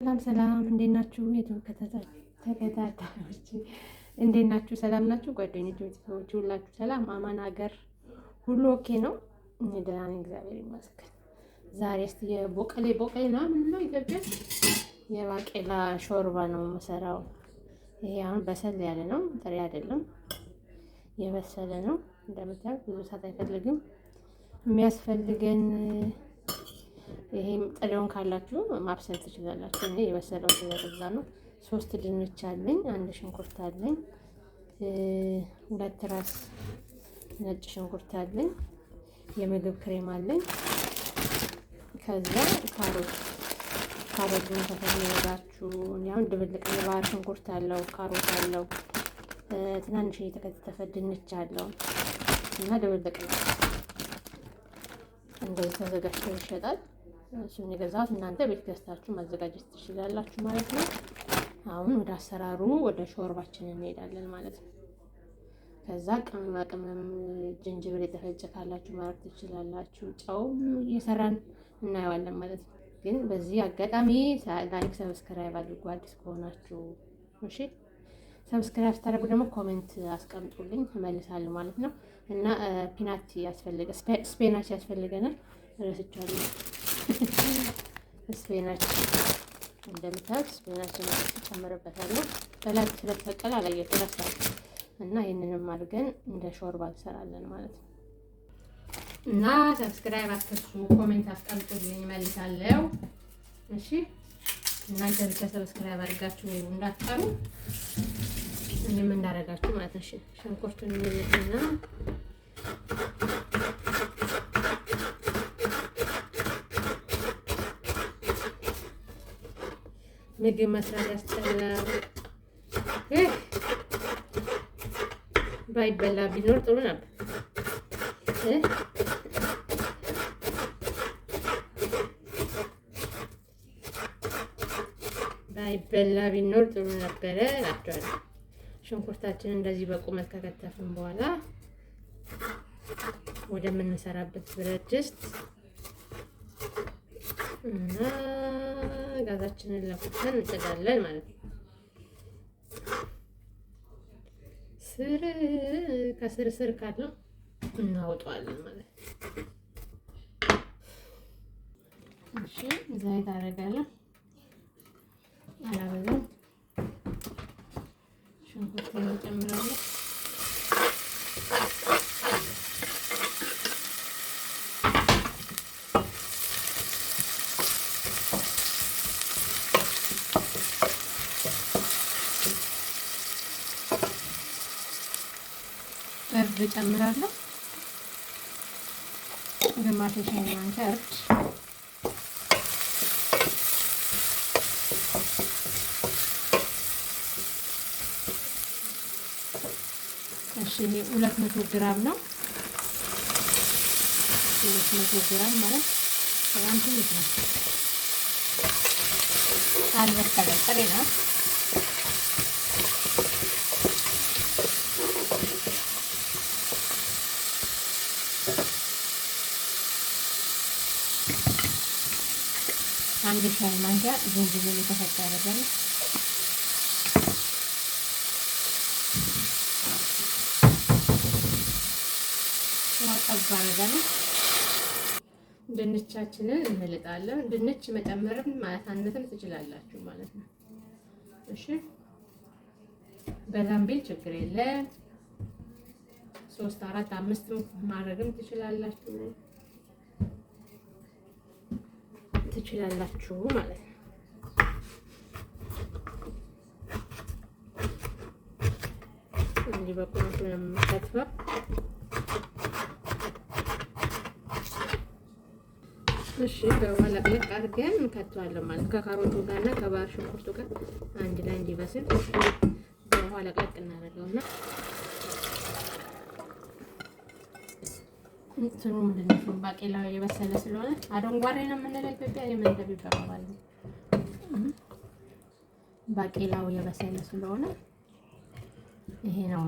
ሰላም ሰላም፣ እንዴት ናችሁ? ተከታታዮች እንዴት ናችሁ? ሰላም ናችሁ? ጓደኞች፣ ቤተሰቦች ሁላችሁ ሰላም፣ አማን፣ ሀገር ሁሉ ኦኬ ነው? እኔ ደህና ነኝ፣ እግዚአብሔር ይመስገን። ዛሬ እስኪ የቦቀሌ ቦቀሌ ነው ምንድን ነው ኢትዮጵያ የባቄላ ሾርባ ነው መሰራው። ይሄ አሁን በሰል ያለ ነው፣ ጥሬ አይደለም፣ የበሰለ ነው። እንደምታዩት ብዙ ሰዓት አይፈልግም። የሚያስፈልገን ይሄም ጥሬውን ካላችሁ ማብሰል ትችላላችሁ። እኔ የበሰለው ስለበዛ ነው። ሶስት ድንች አለኝ፣ አንድ ሽንኩርት አለኝ፣ ሁለት ራስ ነጭ ሽንኩርት አለኝ፣ የምግብ ክሬም አለኝ። ከዛ ካሮት ካሮቱን ከተፈለጋችሁ ያሁን ድብልቅ የባህር ሽንኩርት አለው፣ ካሮት አለው፣ ትናንሽ የተከተፈ ድንች አለው እና ድብልቅ ነው። እንደዚህ ተዘጋጅቶ ይሸጣል። እሱን የገዛሁት እናንተ ቤት ገዝታችሁ ማዘጋጀት ትችላላችሁ ማለት ነው። አሁን ወደ አሰራሩ ወደ ሾርባችን እንሄዳለን ማለት ነው። ከዛ ቅመማ ቅመም ጅንጅብል የተፈጨ ካላችሁ ማድረግ ትችላላችሁ። ጨው እየሰራን እናየዋለን ማለት ነው። ግን በዚህ አጋጣሚ ላይክ፣ ሰብስክራይብ አድርጉ አዲስ ከሆናችሁ እሺ። ሰብስክራይብ ስታደርጉ ደግሞ ኮሜንት አስቀምጡልኝ እመልሳለሁ ማለት ነው። እና ፒናት ያስፈልገ ስፔናች ያስፈልገናል። ረስቻለሁ ስፔናችን እንደምታዩት ስፔናችን ጨምርበታለሁ። በላት ስለተቀል አላየት ረሳል እና ይህንንም አድርገን እንደ ሾርባ እንሰራለን ማለት ነው። እና ሰብስክራይብ አትርሱ፣ ኮሜንት አስቀምጡልኝ መልሳለሁ። እሺ እናንተ ብቻ ሰብስክራይብ አድርጋችሁ ወይም እንዳትቀሩ እኔም እንዳረጋችሁ ማለት ነው። ሽንኩርቱን እና ምግብ መስራት ያስጠላል። ባይበላ ቢኖር ጥሩ ነበር። ባይበላ ቢኖር ጥሩ ነበረ ናቸዋል። ሽንኩርታችንን እንደዚህ በቁመት ከከተፍን በኋላ ወደምንሰራበት ብረት ድስት እና ጋዛችንን ለኩተን እንጥዳለን ማለት ነው። ስር ከስር ስር ካለው እናወጣዋለን ማለት ነው። እሺ ዘይት አደርጋለሁ አላበዛም። እጨምራለሁ። ግማሽ ሻይ ማንኪያ እርድ እሺ፣ ሁለት መቶ ግራም ነው። ሁለት ግራም ማለት በጣም ትንሽ ነው። አንድ ቀለጠሬ ነው። አንድ ሻይ ማንኪያ ዝንጅብል የተፈጨረበት ጠብ አድርገን ድንቻችንን እንልጣለን። ድንች መጨመርም ማለታነትም ትችላላችሁ ማለት ነው። እሺ ቢል ችግር የለም። ሶስት አራት አምስት ማድረግም ትችላላችሁ። ትችላላችሁ ማለት ነው። እንዲህ በቁመቱ ነው የምንከትፈው። እሺ በመለቅለቅ አድርገን እንከተዋለን ማለት ከካሮቱ ጋር እና ከባህር ሽንኩርቱ ጋር አንድ ላይ እንዲበስል በውሃ ለቅለቅ እናደርገውና እንትኑ ምንድን ነው ባቄላ የበሰለ ስለሆነ አረንጓዴ ነው የምንለው ኢትዮጵያ። የምን እንደሚባል ባቄላው የበሰለ ስለሆነ ይሄ ነው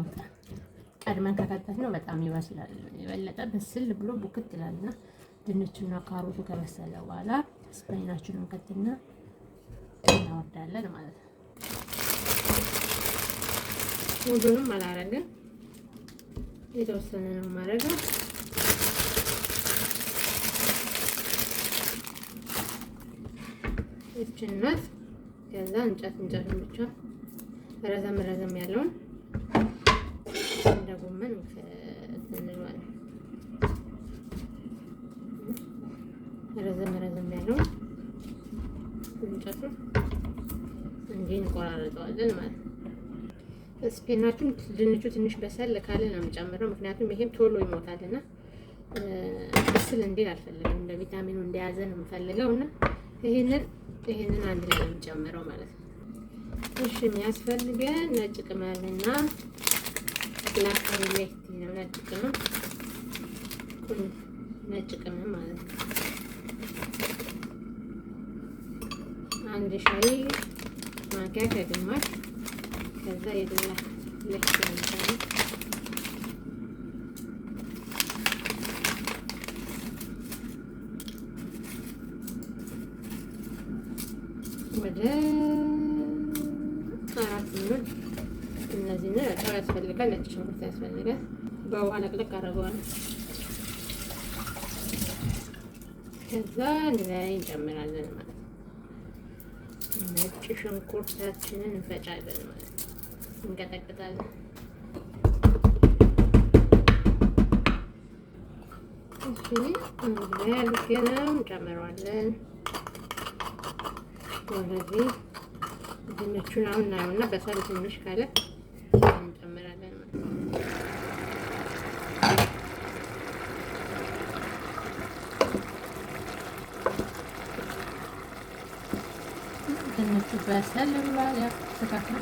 ቀድመን ከከተት ነው በጣም ይበስላል። የበለጠ በስል ብሎ ቡክት ይላልና ድንቹና ካሮቱ ከበሰለ በኋላ ስፓይናችንን ከትና እናወርዳለን ማለት ነው። ሁሉንም አላረግም የተወሰነ ነው ማድረገው። ይችን ናት። ከዛ እንጨት እንጨት ብቻ ረዘም ረዘም ያለውን እንደ ጎመን እንለዋለን። ረዘም ረዘም ያለውን እንጨቱ እንዲህ እንቆራረጠዋለን ማለት ነው። ድንቹ ትንሽ በሰል ካለ ነው የምጨምረው። ምክንያቱም ይሄም ቶሎ ይሞታልና በስል እንዲል አልፈለግም። እንደ ቪታሚኑ እንደያዘ ነው የምፈልገው እና ይሄንን ይሄንን አንድ ላይ ነው የምጨምረው ማለት ነው። እሺ የሚያስፈልገን ነጭ ቅመምና ላካሪ ነው። ነጭ ቅመም ነጭ ቅመም ማለት ነው። አንድ ሻይ ማንኪያ ከግማሽ ከዛ የዶላ ለክ ስለሚጨምር እነዚህን በጣም ያስፈልጋል። ነጭ ሽንኩርት ያስፈልጋል። በውሃ ለቅለቅ አደርገዋለሁ። ከዛ ላይ እንጨምራለን ማለት ነጭ ሽንኩርታችንን እንፈጫለን ማለት ነው። እንቀጠቅጣለን። እንጨምረዋለን ወደዚህ ድንቹን አሁን እናየውና በሳል ትንሽ ካለ እንጨምራለን ማለት ነው። ድንቹ በሰል ብሏል፣ ያው ተካክሎ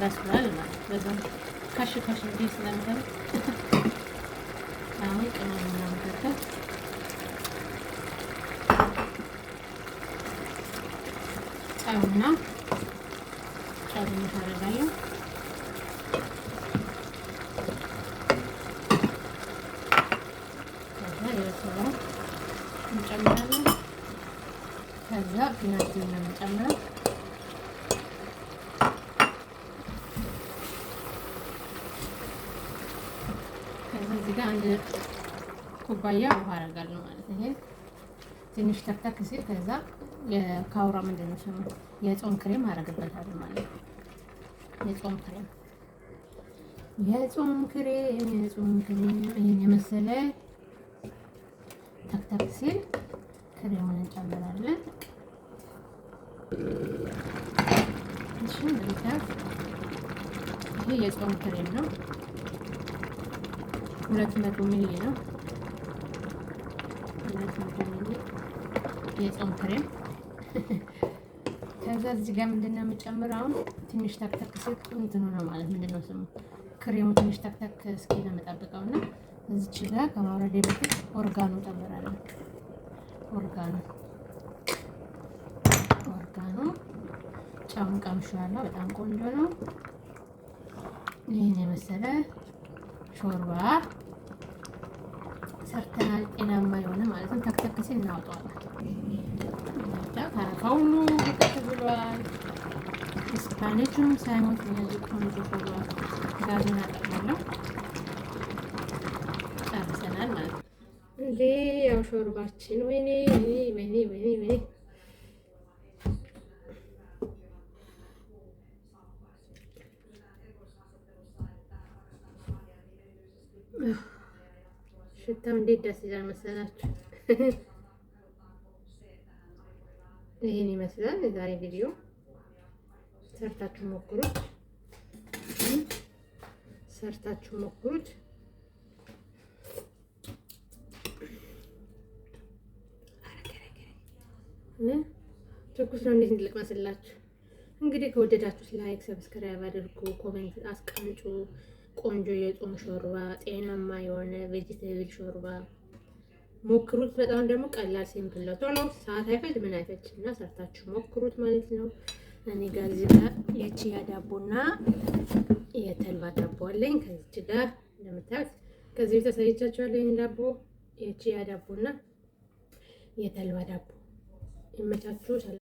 በስሏል ማለት ነው። በዛም ካሽ እንዲህ ስለምታደርግ አሁን ቅመም እናምታለን ጨውና አንድ ኩባያ ውሃ አደርጋለሁ ማለት ይሄ ትንሽ ተክተክ ሲል ከዛ የካውራ ምንድን ነው ስሙ የጾም ክሬም አደርግበታለሁ ማለት ነው። የጾም ክሬም የጾም ክሬም የጾም ክሬም ይሄን የመሰለ ተክተክ ሲል ክሬሙን እንጨምራለን። እሺ ይሄ የጾም ክሬም ነው። ሁለት መቶ ሚሊ ነው። ሁለት መቶ ሚሊ የጾም ክሬም። ከዛ እዚህ ጋር ምንድን ነው የምጨምር አሁን ትንሽ ተክተክ ሲል እንትኑ ነው ማለት ምንድን ነው ስሙ ክሬሙ ትንሽ ተክተክ እስኪ ነው የምጠብቀው እና እዚች ጋ ከማውረዴ በፊት ኦርጋኖ እጨምራለሁ። ኦርጋኖ ኦርጋኖ ጫውን ቀምሻለሁ። በጣም ቆንጆ ነው። ይህን የመሰለ ሾርባ ሰርተናል። ጤናማ የሆነ ማለት ነው። ተክተክሴ እናወጣዋለን። ከሁሉ ቀጥ ብሏል። ስፓኔቹም ሳይሞት እነዚህ ቆንጆ ብሏል። ጋዜና ጠቅማለሁ ጨርሰናል ማለት ነው። እንዴ ያው ሾርባችን ወይኔ ወይኔ ወይኔ ወይኔ Yeah. ሽታው እንዴት ደስ ይላል መሰላችሁ። ይህን ይመስላል የዛሬ ቪዲዮ። ሰርታችሁ ሞክሩት፣ ሰርታችሁ ሞክሩት። ትኩስ ነው። እንዴት እንድልቅመስላችሁ እንግዲህ ከወደዳችሁት ላይክ፣ ሰብስክራይብ አድርጉ፣ ኮሜንት አስቀምጡ። ቆንጆ የጾም ሾርባ፣ ጤናማ የሆነ ቬጅቴብል ሾርባ ሞክሩት። በጣም ደግሞ ቀላል ሲምፕል ነው። ቶሎ ሰዓት አይፈጅ ምን አይፈጅ እና ሰርታችሁ ሞክሩት ማለት ነው። እኔ ጋር እዚህ ጋር የቺያ ያዳቦና የተልባ ዳቦ አለኝ። ከዚች ጋር እንደምታዩት ከዚህ ቤት አሳይቻችኋለሁ። ዳቦ የቺያ ያዳቦና የተልባ ዳቦ ይመቻችሁ።